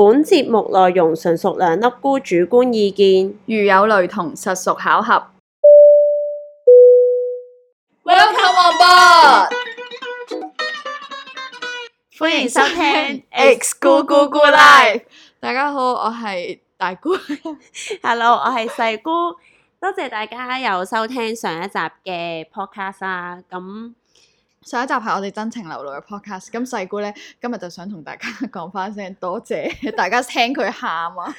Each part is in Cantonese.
本節目內容純屬兩粒菇主觀意見，如有雷同，實屬巧合。Welcome on board，歡迎收聽 X 菇菇菇 Live。大家好，我係大菇。Hello，我係細菇。多謝大家又收聽上一集嘅 Podcast 啊！咁。上一集係我哋真情流露嘅 podcast，咁細菇咧今日就想同大家講翻聲，多謝大家聽佢喊啊！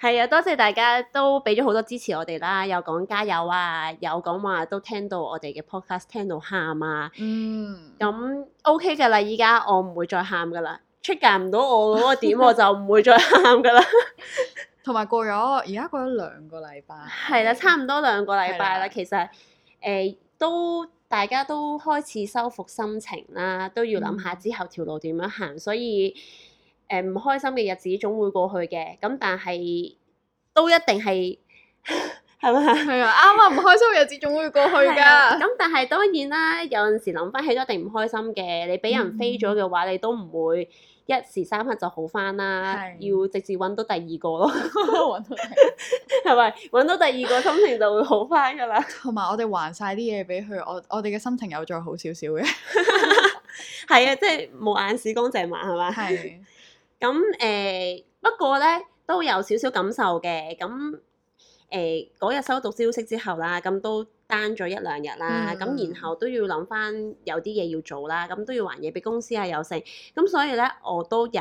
係啊， 多謝大家都俾咗好多支持我哋啦，有講加油啊，有講話都聽到我哋嘅 podcast 聽到喊啊。嗯。咁 OK 噶啦，依家我唔會再喊㗎喇，trigger 唔到我嗰個點，我就唔會再喊㗎喇。同埋 過咗，而家過咗兩個禮拜。係啦， 差唔多兩個禮拜啦，的其實。誒、呃、都大家都開始收復心情啦，都要諗下之後條路點樣行，嗯、所以誒唔、呃、開心嘅日子總會過去嘅，咁但係都一定係。 係咪？係啊，啱啊！唔開心嘅日子總會過去㗎。咁但係當然啦，有陣時諗翻起都一定唔開心嘅。你俾人飛咗嘅話，你都唔會一時三刻就好翻啦。嗯嗯要直接揾到第二個咯，揾到第二，係咪？揾到第二個心情就會好翻㗎啦。同埋我哋還晒啲嘢俾佢，我我哋嘅心情有再好少少嘅。係 啊，即係冇眼屎乾淨埋，係咪啊？係對。咁誒、呃，不過咧都有少少，少感受嘅咁。誒嗰日收到消息之後啦，咁都 down 咗一兩日啦，咁、mm hmm. 然後都要諗翻有啲嘢要做啦，咁都要還嘢俾公司啊有，有剩，咁所以咧我都有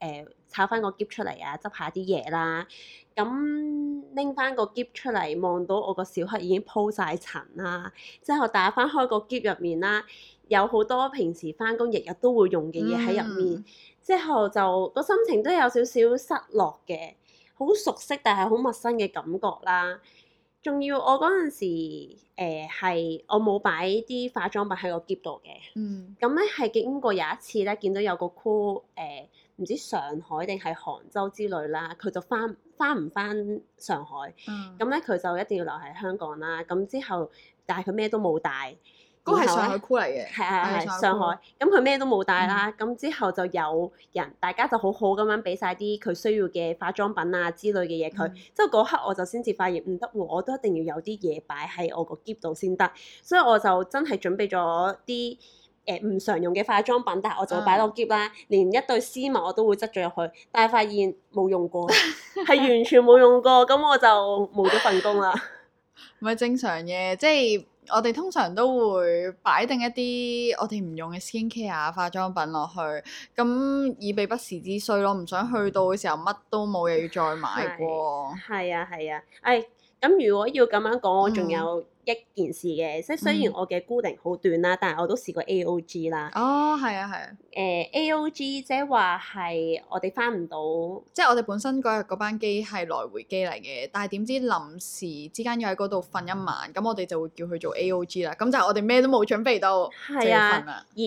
誒炒翻個夾出嚟啊，執下啲嘢啦，咁拎翻個夾出嚟，望到我個小黑已經鋪晒塵啦，之後打翻開個夾入面啦，有好多平時翻工日日都會用嘅嘢喺入面，mm hmm. 之後就個心情都有少少失落嘅。好熟悉但係好陌生嘅感覺啦，仲要我嗰陣時，誒、呃、係我冇擺啲化妝品喺個篋度嘅，咁咧係經過有一次咧見到有個 call 誒，唔、呃、知上海定係杭州之類啦，佢就返返唔返上海，咁咧佢就一定要留喺香港啦，咁之後但係佢咩都冇帶。都係上海箍嚟嘅，係係係上海。咁佢咩都冇帶啦。咁、嗯、之後就有人，大家就好好咁樣俾晒啲佢需要嘅化妝品啊之類嘅嘢佢。嗯、之後嗰刻我就先至發現唔得喎，我都一定要有啲嘢擺喺我個喼度先得。所以我就真係準備咗啲誒唔常用嘅化妝品，但係我就擺落喼啦。啊、連一對絲襪我都會執咗入去，但係發現冇用過，係 完全冇用過。咁我就冇咗份工啦。唔係 正常嘅，即、就、係、是。我哋通常都會擺定一啲我哋唔用嘅 skin care 化妝品落去，咁以備不時之需咯。唔想去到嘅時候乜都冇嘢，要再買過。係啊，係啊，誒、啊。哎咁如果要咁樣講，我仲有一件事嘅，即係、嗯、雖然我嘅固定好短啦，但係我都試過 AOG 啦。哦，係啊，係啊。誒、呃、AOG 即係話係我哋翻唔到，即係我哋本身嗰日班機係來回機嚟嘅，但係點知臨時之間要喺嗰度瞓一晚，咁、嗯、我哋就會叫佢做 AOG 啦。咁就我哋咩都冇準備到，係啊，而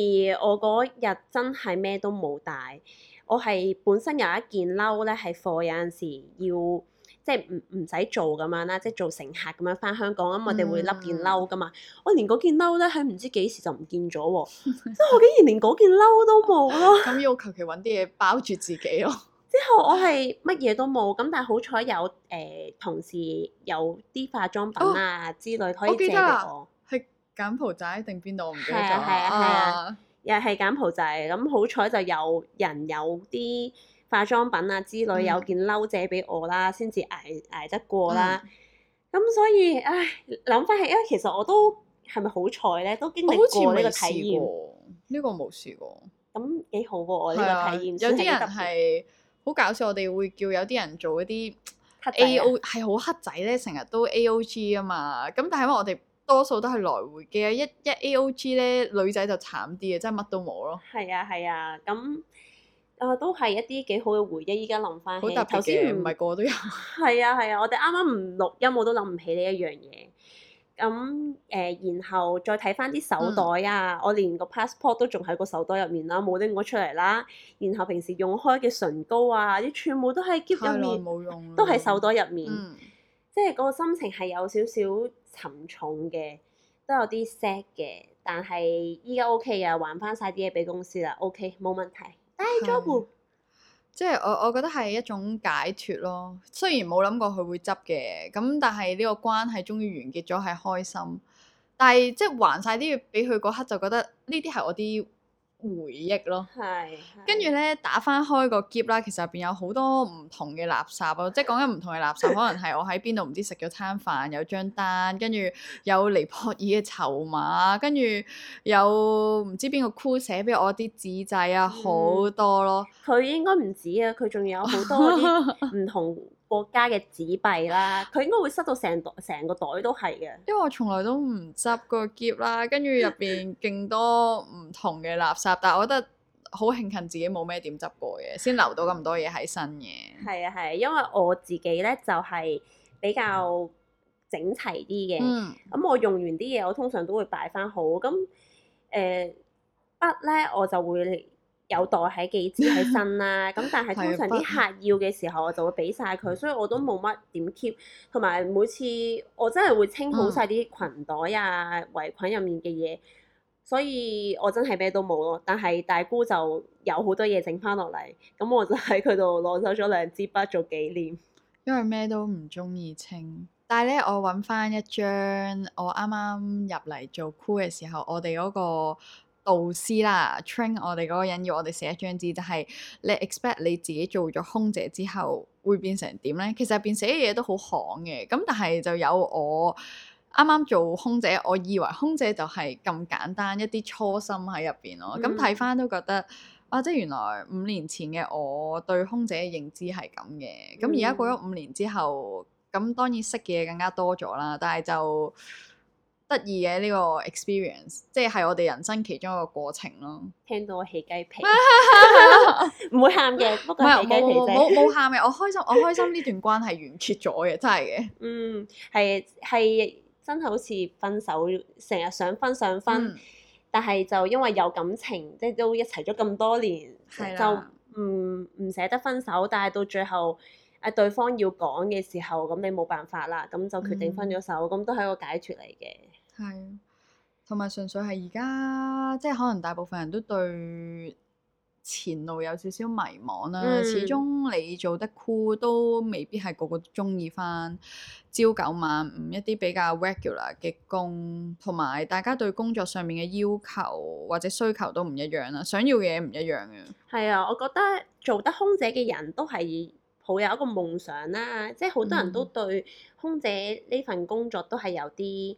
我嗰日真係咩都冇帶。我係本身有一件褸咧，係 for 有陣時要。即係唔唔使做咁樣啦，即係做乘客咁樣返香港，咁我哋會笠件褸噶嘛。嗯、我連嗰件褸咧喺唔知幾時就唔見咗喎，啊，真 我竟然連嗰件褸都冇咯，啊。咁要我求其搵啲嘢包住自己咯，啊。之後我係乜嘢都冇，咁但係好彩有誒、呃、同事有啲化妝品啊之類可以借俾我。係柬埔寨定邊度？唔記得咗。係啊係啊，又係柬埔寨。咁好彩就有人有啲。化妝品啊之類，有件褸仔俾我啦，先至捱捱得過啦。咁、嗯、所以，唉，諗翻起，因為其實我都係咪好彩咧？都經歷過呢個體驗。呢個冇試過。咁、這、幾、個、好喎！呢、啊、個體驗。有啲人係好搞笑，我哋會叫有啲人做一啲 A.O 係好黑仔咧、啊，成日都 A.O.G 啊嘛。咁但係因為我哋多數都係來回嘅，一一,一 A.O.G 咧，女仔就慘啲嘅，真係乜都冇咯。係啊，係、嗯、啊，咁、嗯。啊，都係一啲幾好嘅回憶。依家諗翻起，頭先唔係個個都有。係 啊係啊，我哋啱啱唔錄音，我都諗唔起呢一樣嘢。咁、嗯、誒，嗯、然後再睇翻啲手袋啊，嗯、我連個 passport 都仲喺個手袋入面啦，冇拎過出嚟啦。然後平時用開嘅唇膏啊，啲全部都喺夾入面，冇用都係手袋入面。嗯、即係個心情係有少少沉重嘅，都有啲 sad 嘅。但係依家 O K 嘅，還翻晒啲嘢俾公司啦。O K，冇問題。哎，即係我，我覺得係一種解脫咯。雖然冇諗過佢會執嘅，咁但係呢個關係終於完結咗，係開心。但係即係還晒啲嘢俾佢嗰刻，就覺得呢啲係我啲。回憶咯，係，跟住咧打翻開個篋啦，其實入邊有好多唔同嘅垃圾咯，即係講緊唔同嘅垃圾， 可能係我喺邊度唔知食咗餐飯有張單，跟住有尼泊爾嘅籌碼，跟住有唔知邊個箍寫俾我啲紙仔啊，好、嗯、多咯。佢應該唔止啊，佢仲有好多啲唔同。 國家嘅紙幣啦，佢應該會塞到成袋，成個袋都係嘅。因為我從來都唔執個篋啦，跟住入邊勁多唔同嘅垃圾， 但係我覺得好慶幸自己冇咩點執過嘅，先留到咁多嘢喺身嘅。係啊係、啊，因為我自己咧就係、是、比較整齊啲嘅，咁我、嗯嗯嗯、用完啲嘢我通常都會擺翻好，咁誒筆咧我就會有袋喺幾支喺身啦，咁 但係通常啲客要嘅時候， 我就會俾晒佢，所以我都冇乜點 keep。同埋每次我真係會清好晒啲裙袋啊、圍裙入面嘅嘢，嗯、所以我真係咩都冇咯。但係大姑就有好多嘢整翻落嚟，咁我就喺佢度攞走咗兩支筆做紀念。因為咩都唔中意清，但係咧，我揾翻一張我啱啱入嚟做 crew 嘅時候，我哋嗰、嗰個。導師啦，train 我哋嗰個人要我哋寫一張紙，就係你 expect 你自己做咗空姐之後會變成點呢？其實入邊寫嘅嘢都好行嘅，咁但係就有我啱啱做空姐，我以為空姐就係咁簡單，一啲初心喺入邊咯。咁睇翻都覺得啊，即係原來五年前嘅我對空姐嘅認知係咁嘅。咁而家過咗五年之後，咁當然識嘅嘢更加多咗啦，但係就得意嘅呢個 experience，即係我哋人生其中一個過程咯。聽到我起雞皮，唔 會喊嘅。不過，我冇冇冇喊嘅。 我開心，我開心呢段關係完結咗嘅，真係嘅。嗯，係係真係好似分手，成日想分想分，嗯、但係就因為有感情，即、就、係、是、都一齊咗咁多年，的就唔唔捨得分手。但係到最後，誒對方要講嘅時候，咁你冇辦法啦，咁就決定分咗手，咁、嗯、都係一個解決嚟嘅。係，同埋純粹係而家，即係可能大部分人都對前路有少少迷茫啦、啊。嗯、始終你做得酷都未必係個個都鍾意返朝九晚五一啲比較 regular 嘅工，同埋大家對工作上面嘅要求或者需求都唔一樣啦、啊，想要嘅嘢唔一樣嘅、啊。係啊，我覺得做得空姐嘅人都係抱有一個夢想啦、啊，即係好多人都對空姐呢份工作都係有啲。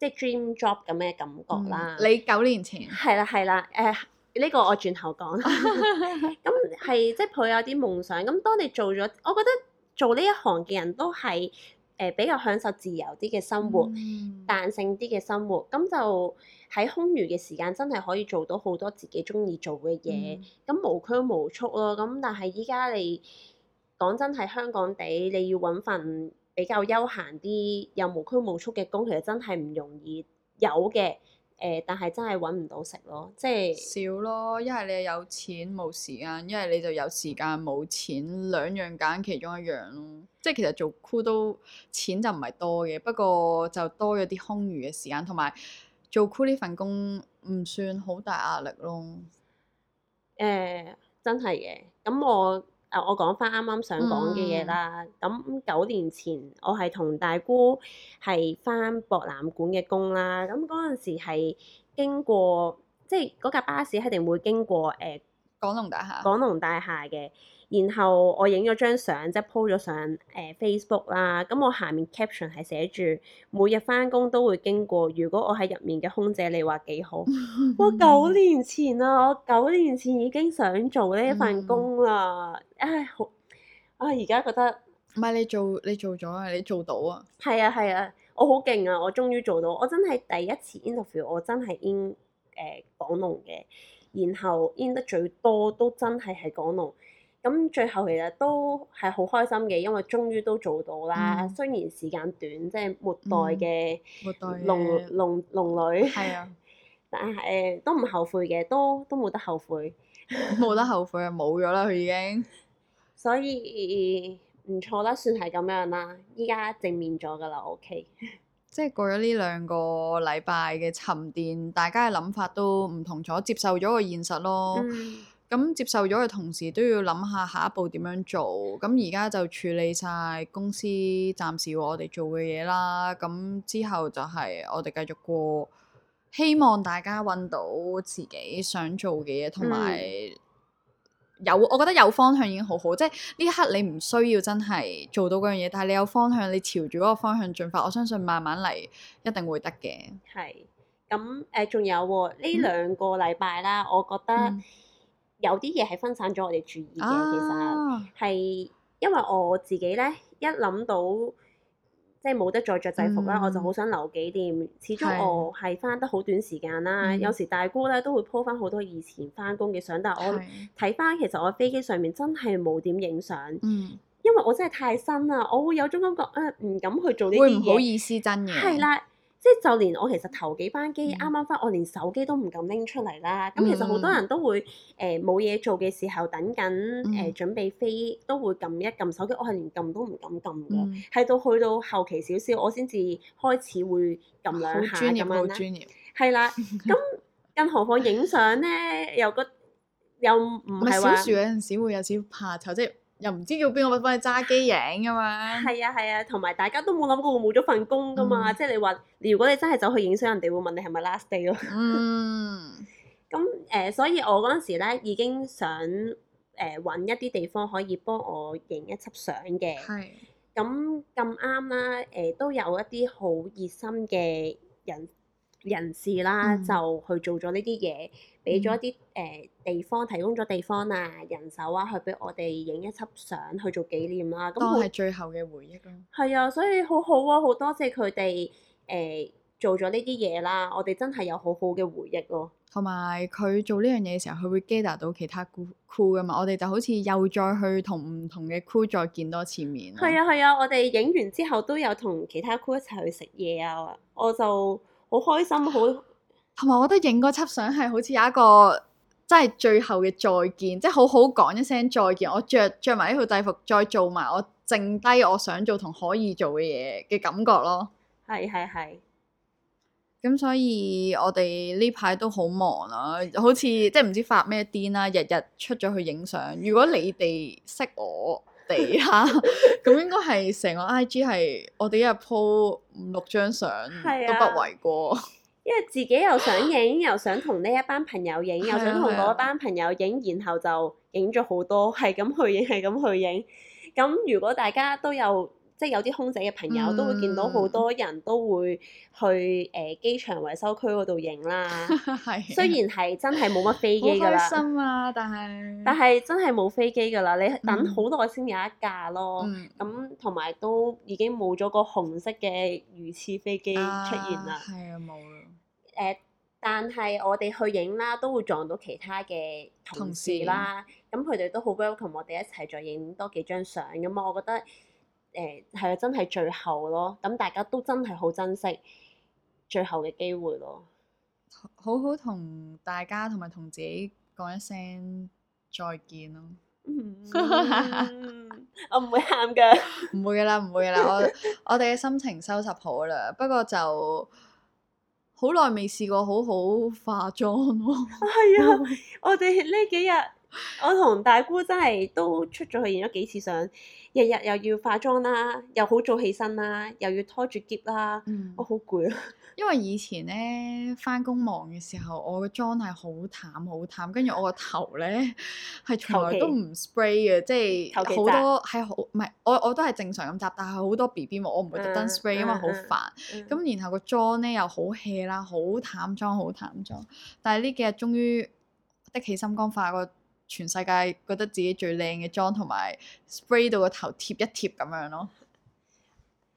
即係 dream job 咁嘅感覺啦。你九年前？係啦係啦，誒呢個我轉頭講。咁係即係抱有啲夢想。咁當你做咗，我覺得做呢一行嘅人都係誒比較享受自由啲嘅生活，彈性啲嘅生活。咁就喺空餘嘅時間，真係可以做到好多自己中意做嘅嘢。咁無拘無束咯。咁但係依家你講真係香港地，你要揾份。比較休閒啲又無拘無束嘅工，其實真係唔容易有嘅。誒、呃，但係真係揾唔到食咯，即係少咯。一係你有錢冇時間，一係你就有時間冇錢，兩樣揀其中一樣咯。即係其實做酷都錢就唔係多嘅，不過就多咗啲空餘嘅時間，同埋做酷呢份工唔算好大壓力咯。誒、呃，真係嘅。咁、嗯、我。誒，我講翻啱啱想講嘅嘢啦。咁九、嗯、年前，我係同大姑係翻博覽館嘅工啦。咁嗰陣時係經過，即係嗰架巴士係定會經過誒廣隆大廈。廣隆大廈嘅。然後我影咗張相，即係 po 咗上誒、呃、Facebook 啦。咁我下面 caption 係寫住每日返工都會經過。如果我喺入面嘅空姐，你話幾好？我九 年前啊，我九年前已經想做呢份工啦。嗯、唉，好啊，而家覺得唔係你做你做咗啊，你做到啊？係啊係啊，我好勁啊！我終於做到。我真係第一次 interview，我真係 in 誒、呃、港龍嘅，然後 in 得最多都真係係港龍。咁最後其實都係好開心嘅，因為終於都做到啦。嗯、雖然時間短，即係末代嘅龍、嗯、末代龍龍女，係啊但係、呃、都唔後悔嘅，都都冇得後悔。冇得後悔啊！冇咗啦，佢已經。所以呃、唔錯啦，算係咁樣啦。依家正面咗噶啦，OK。即係過咗呢兩個禮拜嘅沉澱，大家嘅諗法都唔同咗，接受咗個現實咯、嗯。嗯。咁接受咗嘅同時，都要諗下下一步點樣做。咁而家就處理晒公司暫時我哋做嘅嘢啦。咁之後就係我哋繼續過，希望大家揾到自己想做嘅嘢，同埋、嗯、有我覺得有方向已經好好。即係呢一刻你唔需要真係做到嗰樣嘢，但係你有方向，你朝住嗰個方向進發，我相信慢慢嚟一定會得嘅。係，咁誒仲有呢、哦、兩個禮拜啦，嗯、我覺得、嗯。有啲嘢係分散咗我哋注意嘅，啊、其實係因為我自己咧，一諗到即係冇得再着制服啦，嗯、我就好想留幾點。始終我係翻得好短時間啦，嗯、有時大姑咧都會 po 翻好多以前翻工嘅相，但係我睇翻是其實我喺飛機上面真係冇點影相，嗯、因為我真係太新啦，我會有種感覺，誒、呃、唔敢去做呢啲嘢，唔好意思真嘅，係啦對。對即係就連我其實頭幾班機啱啱返，嗯、我連手機都唔敢拎出嚟啦。咁、嗯、其實好多人都會誒冇嘢做嘅時候等緊誒、嗯呃、準備飛，都會撳一撳手機。我係連撳都唔敢撳嘅，係、嗯、到去到後期少少，我先至開始會撳兩下咁樣。好專業，好專業。係啦，咁更何況影相咧，又個又唔係話有陣時會有少少怕醜，即係。又唔知要邊個揾翻去揸機影噶嘛？係啊係啊，同埋、啊、大家都冇諗過會冇咗份工噶嘛。嗯、即係你話，如果你真係走去影相，人哋會問你係咪 last day 咯。 嗯。咁誒、呃，所以我嗰陣時咧已經想誒揾、呃、一啲地方可以幫我影一輯相嘅。係是。咁咁啱啦，誒、呃、都有一啲好熱心嘅人。人士啦，嗯、就去做咗呢啲嘢，俾咗、嗯、一啲誒、呃、地方，提供咗地方啊、人手啊，去俾我哋影一輯相去做紀念啦。咁當係最後嘅回憶咯。係啊，所以好好啊，好多謝佢哋誒做咗呢啲嘢啦，我哋真係有好好嘅回憶咯、啊。同埋佢做呢樣嘢嘅時候，佢會 gather 到其他 crew crew 噶嘛，我哋就好似又再去同唔同嘅 crew 再見多次面。係啊係啊，啊，我哋影完之後都有同其他 crew 一齊去食嘢啊！我就。好開心，好同埋，我覺得影嗰輯相係好似有一個真係最後嘅再見，即係好好講一聲再見。我着著埋呢套制服，再做埋我剩低我想做同可以做嘅嘢嘅感覺咯。係係係。咁所以我哋呢排都好忙啊，好似即係唔知發咩癲啦，日日出咗去影相。如果你哋識我。地哈，咁 應該係成個 I G 係我哋一日 po 五六張相都不為過。啊， 因為自己又想影，又想同呢一班朋友影，又想同嗰班朋友影，啊啊、然後就影咗好多，係咁去影，係咁去影。咁如果大家都有。即係有啲空姐嘅朋友都會見到好多人都會去誒、呃、機場維修區嗰度影啦。係、 啊。雖然係真係冇乜飛機㗎啦。好開心啊！但係、啊。但係真係冇飛機㗎啦！你等好耐先有一架咯。咁同埋都已經冇咗個紅色嘅魚翅飛機出現啦。係啊，冇啦、啊呃。但係我哋去影啦，都會撞到其他嘅同事啦。同事。咁佢哋都好 welcome 我哋一齊再影多幾張相，咁我覺得。誒係啊！真係最後咯，咁、嗯、大家都真係好珍惜最後嘅機會咯。好，好好同大家同埋同自己講一聲再見咯。嗯、 我唔會喊㗎。唔 會㗎啦，唔會㗎啦，我我哋嘅心情收拾好啦。不過就好耐未試過好好化妝咯。係啊，我哋呢幾日。我同大菇真係都出咗去影咗幾次相，日日又要化妝啦，又好早起身啦，又要拖住喼啦，嗯、我好攰啊！因為以前咧返工忙嘅時候，我個妝係好淡好淡，跟住我個頭咧係從來都唔 spray 嘅，期即係是好多係好唔係我我都係正常咁擸，但係好多 B B 我唔會特登 spray，嗯、因為好煩。咁、嗯嗯、然後個妝咧又好 hea 啦，好淡妝好淡妝，但係呢幾日終於的起心肝化個。全世界覺得自己最靚嘅妝同埋 spray 到個頭貼一貼咁樣咯。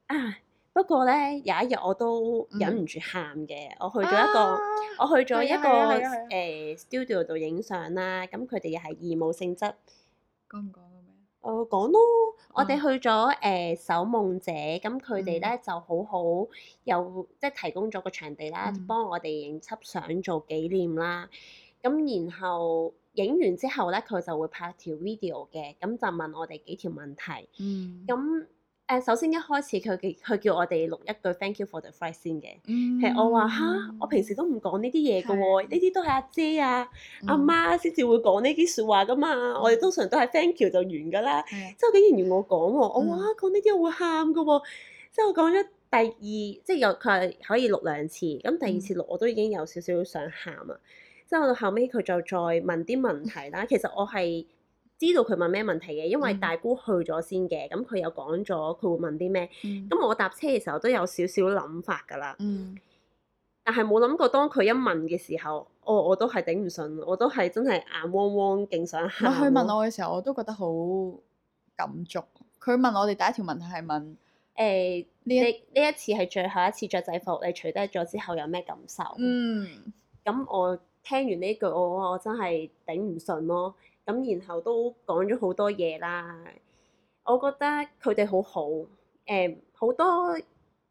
啊！不過咧，有一日我都忍唔住喊嘅，嗯、我去咗一個，啊、我去咗一個誒 studio 度影相啦。咁佢哋又係義務性質。講唔講到咩？我講、呃、咯，嗯、我哋去咗誒、呃、守夢者，咁佢哋咧就好好有即係提供咗個場地啦，嗯、幫我哋影輯相做紀念啦。咁然後。影完之後咧，佢就會拍條 video 嘅，咁就問我哋幾條問題。嗯。咁誒，首先一開始佢佢叫我哋錄一句 Thank you for the flight 先嘅。嗯。其實我話吓、嗯，我平時都唔講呢啲嘢嘅喎，呢啲的都係阿姐啊、嗯、阿媽先至會講呢啲説話噶嘛。嗯、我哋通常都係 Thank you 就完㗎啦。的之後竟然要我講喎、啊，我話講呢啲我會喊嘅喎。之後講咗第二，即係又佢可以錄兩次，咁第，第二次錄我都已經有少少想喊啊。 之後到後尾，佢就再問啲問題啦。其實我係知道佢問咩問題嘅，因為大姑去咗先嘅，咁佢又講咗佢會問啲咩。咁、嗯、我搭車嘅時候都有少少諗法㗎啦。但係冇諗過，當佢一問嘅時候，我我都係頂唔順，我都係真係眼汪汪勁想喊。佢問我嘅時候，我都覺得好感觸。佢問我哋第一條問題係問：誒、欸，一你呢一次係最後一次着制服，你除低咗之後有咩感受？嗯，咁我。聽完呢句我真係頂唔順咯，咁然後都講咗好多嘢啦，我覺得佢哋好好，誒、嗯、好多。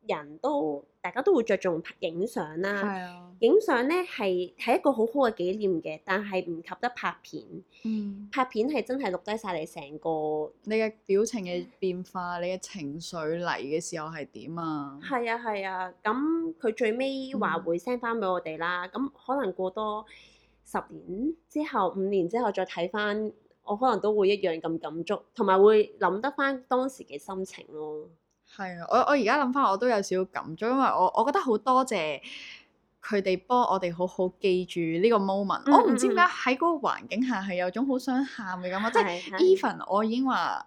人都，大家都會着重拍影相啦。係啊！影相咧係係一個好好嘅紀念嘅，但係唔及得拍片。嗯。拍片係真係錄低晒你成個。你嘅表情嘅變化，嗯、你嘅情緒嚟嘅時候係點啊？係啊係啊！咁佢、啊、最尾話會 send 翻俾我哋啦。咁、嗯、可能過多十年之後、五年之後再睇翻，我可能都會一樣咁感觸，同埋會諗得翻當時嘅心情咯、哦。係啊，我我而家諗翻，我都有少少感觸，因為我我覺得好多謝佢哋幫我哋好好記住呢個 moment。嗯嗯嗯，我唔知點解喺嗰個環境下係有種好想喊嘅感覺。即係 even 我已經話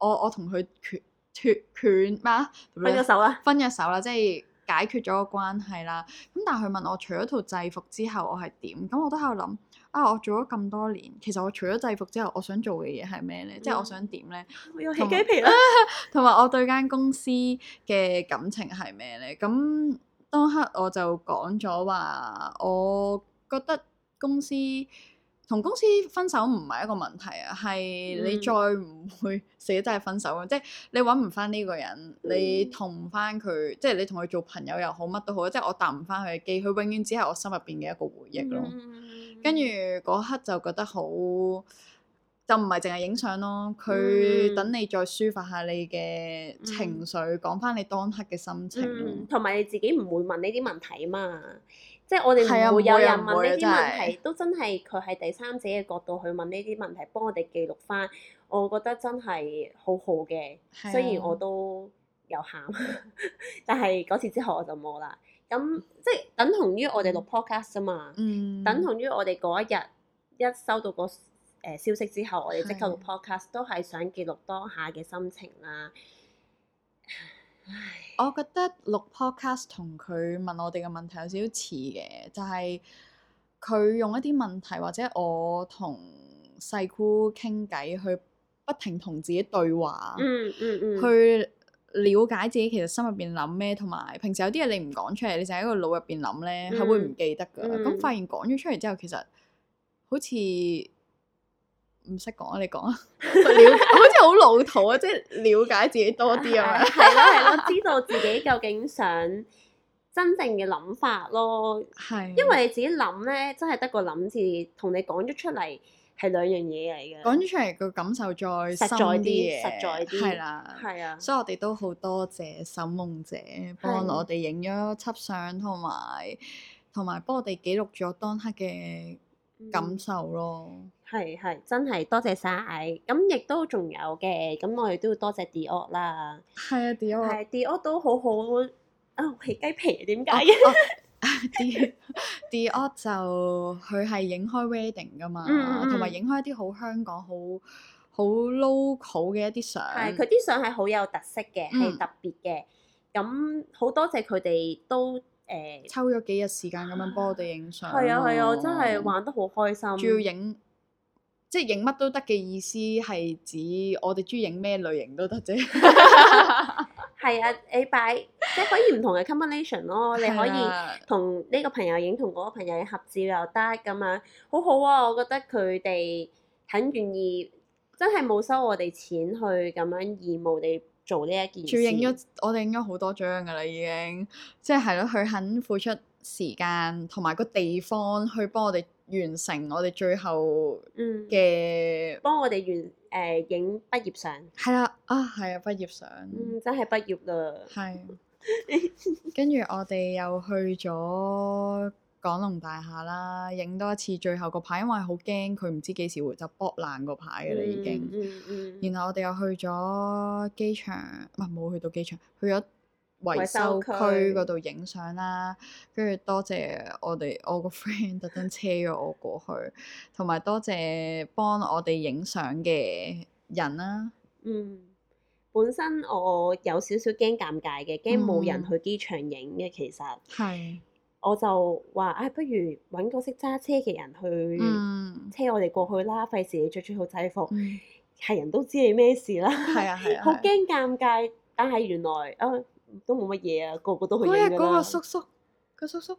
我我同佢斷斷斷咩啊？分咗手啦，分咗手啦，即係解決咗個關係啦。咁但係佢問我除咗套制服之後我係點？咁我都喺度諗。啊！我做咗咁多年，其實我除咗制服之後，我想做嘅嘢係咩呢？Yeah. 即係我想點呢？我要起雞皮啦！同埋我對間公司嘅感情係咩呢？咁當刻我就講咗話，我覺得公司同公司分手唔係一個問題啊，係你再唔會捨得真係分手啊！Mm. 即係你揾唔翻呢個人，你同唔翻佢，mm. 即係你同佢做朋友又好，乜都好，即係我搭唔翻佢嘅機，佢永遠只係我心入邊嘅一個回憶咯。Mm. 跟住嗰刻就覺得好，就唔係淨係影相咯。佢等你再抒發下你嘅情緒，講翻、嗯、你當刻嘅心情。同埋、嗯、你自己唔會問呢啲問題嘛，即係我哋唔會有人，人會問呢啲問題，就是、都真係佢喺第三者嘅角度去問呢啲問題，幫我哋記錄翻。我覺得真係好好嘅，啊、雖然我都有喊，但係嗰次之後我就冇啦。咁即係等同於我哋錄 podcast 啫嘛，等同於我哋嗰、嗯、一日一收到、個誒、呃、消息之後，我哋即刻錄 podcast，的都係想記錄當下嘅心情啦。我覺得錄 podcast 同佢問我哋嘅問題有少少似嘅，就係、是、佢用一啲問題或者我同細菇傾偈，去不停同自己對話。嗯嗯嗯。去、嗯。嗯了解自己其實心入邊諗咩，同埋平時有啲嘢你唔講出嚟，你就喺個腦入邊諗咧，係、嗯、會唔記得噶。咁、嗯、發現講咗出嚟之後，其實好似唔識講啊！你講啊， 好似好老土啊，即、就、係、是、了解自己多啲咁樣。係咯係咯，知道自己究竟想真正嘅諗法咯。係、啊，因為你自己諗咧，真係得個諗字同你講咗出嚟。係兩樣嘢嚟嘅。講出嚟個感受再實在啲嘅。實在啲。係啦。係啊。所以我哋都好多謝沈夢姐幫我哋影咗輯相，同埋同埋幫我哋記錄咗當刻嘅感受咯。係係、嗯，真係多謝曬。咁亦都仲有嘅，咁我哋都要多謝 Dior 啦。係啊，Dior。Dior, Dior 都好好，好、哦起啊。啊，起雞皮點解？啲 Dior 就佢係影開 wedding 噶嘛，同埋影開一啲好香港好好 local 嘅一啲相。係佢啲相係好有特色嘅，係特別嘅。咁好、嗯、多謝佢哋都誒，呃、抽咗幾日時間咁樣幫我哋影相。係啊係啊，啊，真係玩得好開心。仲要影，即係影乜都得嘅意思，係指我哋中意影咩類型都得啫。係 啊，誒拜。即係可以唔同嘅 combination 咯，的你可以同呢個朋友影，同嗰個朋友影合照又得咁樣，好好啊！我覺得佢哋肯願意，真係冇收我哋錢去咁樣義務地做呢一件事。影咗我哋影咗好多張㗎啦，已經即係係咯，佢肯付出時間同埋個地方去幫我哋完成我哋最後嘅、嗯、幫我哋完誒影、呃、畢業相。係啊啊係啊！畢業相，嗯，真係畢業啦。係。 跟住我哋又去咗港隆大廈啦，影多一次。最後個牌，因為好驚佢唔知幾時會就卜爛個牌㗎喇，已經。嗯嗯嗯、然後我哋又去咗機場，唔係冇去到機場，去咗維修區嗰度影相啦。跟住多謝我哋我個 friend 特登車咗我過去，同埋 多謝幫我哋影相嘅人啦。嗯。本身我有少少驚尷尬嘅，驚冇人去機場影嘅。其實，是我就話，唉、哎，不如揾個識揸車嘅人去車我哋過去啦，費事你着住好制服，係、嗯、人都知你咩事啦。係啊係啊，好驚尷尬。但係原來啊，都冇乜嘢啊，個個都去影。嗰個叔叔，個叔叔，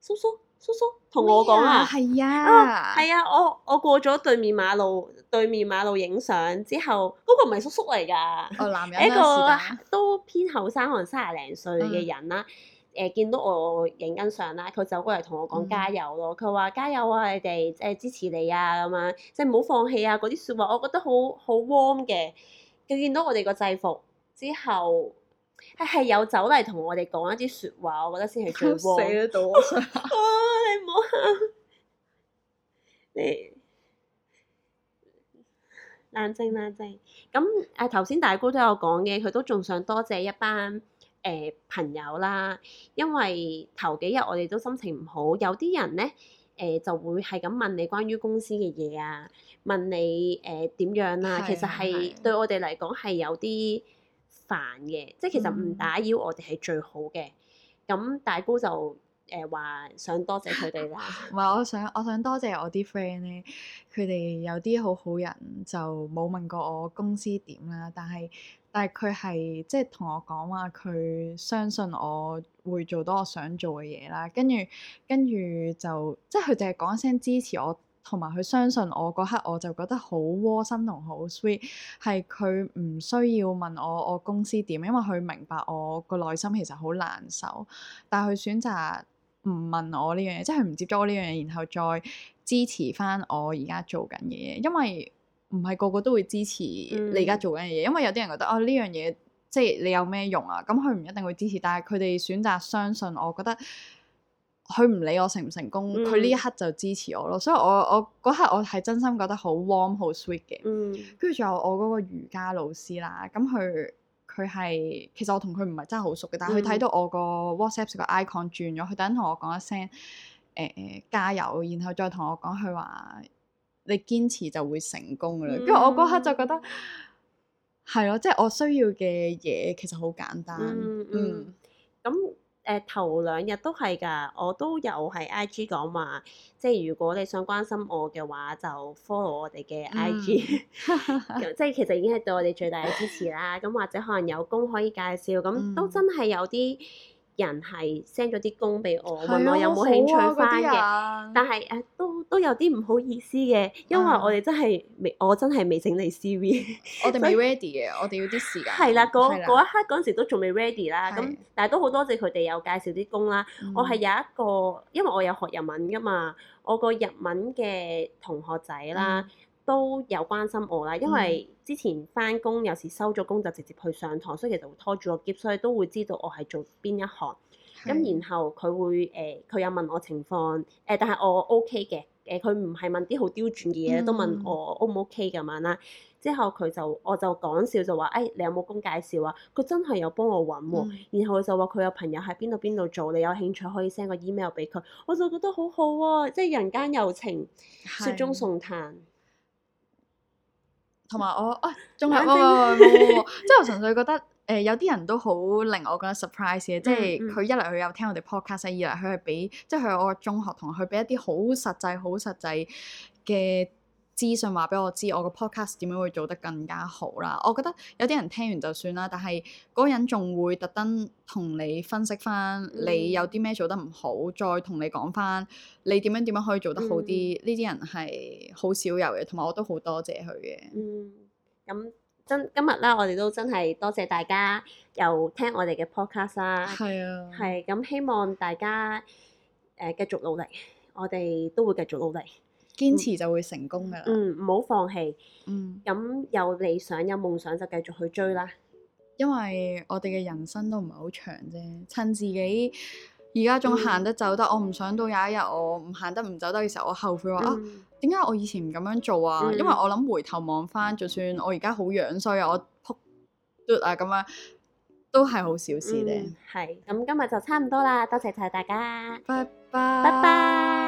叔叔。叔叔同我講啊，係啊，係啊，啊，我我過咗對面馬路，對面馬路影相之後，嗰、那個唔係叔叔嚟㗎，哦，男人、啊、一個代都偏後生，可能三廿零歲嘅人啦。誒、嗯呃，見到我影緊相啦，佢走過嚟同我講加油咯，佢話加油啊，你哋誒、呃、支持你啊咁樣，即係唔好放棄啊嗰啲説話，我覺得好好 warm 嘅。佢見到我哋個制服之後。係有走嚟同我哋講一啲説話，我覺得先係最。死得到啊！你唔好啊！你冷靜 冷靜。咁誒頭先大姑都有講嘅，佢都仲想多謝一班誒、呃、朋友啦。因為頭幾日我哋都心情唔好，有啲人咧誒、呃、就會係咁問你關於公司嘅嘢啊，問你誒點、呃、樣啊。的其實係的對我哋嚟講係有啲。煩嘅，即係其實唔打擾我哋係最好嘅。咁、嗯、大菇就誒話、呃、想多謝佢哋啦。唔係、啊，我想我想多謝我啲 friend 咧，佢哋有啲好好人就冇問過我公司點啦，但係但係佢係即係同我講話，佢相信我會做到我想做嘅嘢啦。跟住跟住就即係佢淨係講一聲支持我。同埋佢相信我嗰刻，我就覺得好窩心同好 sweet，係佢唔需要問我我公司點，因為佢明白我個內心其實好難受，但係佢選擇唔問我呢樣嘢，即係唔接觸我呢樣嘢，然後再支持翻我而家做緊嘅嘢。因為唔係個個都會支持你而家做緊嘅嘢，嗯、因為有啲人覺得哦，呢樣嘢即係你有咩用啊，咁佢唔一定會支持。但係佢哋選擇相信我，覺得。佢唔理我成唔成功，佢呢、嗯、一刻就支持我咯。所以我，我我嗰刻我係真心覺得好 warm 很、好 sweet 嘅。嗯。跟住仲有我嗰個瑜伽老師啦，咁佢佢係其實我同佢唔係真係好熟嘅，但係佢睇到我個 WhatsApp 個 icon 轉咗，佢等同我講一聲誒、呃、加油，然後再同我講，佢話你堅持就會成功噶啦。跟住、嗯、我嗰刻就覺得係咯，即係、就是、我需要嘅嘢，其實好簡單。嗯嗯。咁、嗯。嗯誒、呃、頭兩日都係噶，我都有喺 I G 講話，即係如果你想關心我嘅話，就 follow 我哋嘅 I G，即係其實已經係對我哋最大嘅支持啦。咁 或者可能有工可以介紹，咁都真係有啲。人係 send 咗啲工俾我，問我有冇興趣返嘅，啊、但係誒、啊、都都有啲唔好意思嘅，因為我哋真係未，嗯、我真係未整理 CV，我哋未 ready 嘅，我哋要啲時間。係啦，嗰一刻嗰陣時都仲未 ready 啦，咁、啊、但係都好多謝佢哋有介紹啲工啦。啊、我係有一個，因為我有學日文㗎嘛，我個日文嘅同學仔啦。嗯都有關心我啦，因為之前翻工有時收咗工就直接去上堂，所以其實會拖住個攰，所以都會知道我係做邊一行。咁的、啊、然後佢會誒，佢、呃、有問我情況誒、呃，但係我 O K 嘅誒，佢唔係問啲好刁鑽嘅嘢，都問我 O 唔 O K 咁樣啦。之後佢就我就講笑就話誒、哎，你有冇工介紹啊？佢真係有幫我揾喎、啊，嗯、然後佢就話佢有朋友喺邊度邊度做，你有興趣可以 send 個 email 俾佢。我就覺得好好、啊、喎，即、就、係、是、人間有情，雪中送炭。同埋我有明啊，仲中學喎，即、啊、係 我純粹覺得，誒有啲人都好令我覺得 surprise 嘅，即係佢一嚟佢有聽我哋 podcast，二嚟佢係俾，即係佢係我中學同學，佢俾一啲好實際、好實際嘅。資訊話俾我知，我個 podcast 點樣會做得更加好啦！我覺得有啲人聽完就算啦，但係嗰人仲會特登同你分析翻你有啲咩做得唔好，嗯、再同你講翻你點樣點樣可以做得好啲。呢啲、嗯、人係好少有嘅，同埋我都好多謝佢嘅。嗯，咁真今日啦，我哋都真係多謝大家，又聽我哋嘅 podcast 啦，係啊，係。咁希望大家誒、呃、繼續努力，我哋都會繼續努力。堅持就會成功噶啦。嗯，唔好放棄。嗯。咁有理想、嗯、有夢想就繼續去追啦。因為我哋嘅人生都唔係好長啫，趁自己而家仲行得走得，嗯、我唔想到有一日我唔行得唔走得嘅時候，我後悔話、嗯、啊，點解我以前唔咁樣做啊？嗯、因為我諗回頭望返，就算我而家好樣衰啊，所以我撲 do 啊咁樣，都係好小事咧。係、嗯。咁今日就差唔多啦，多謝晒大家。拜拜。拜拜。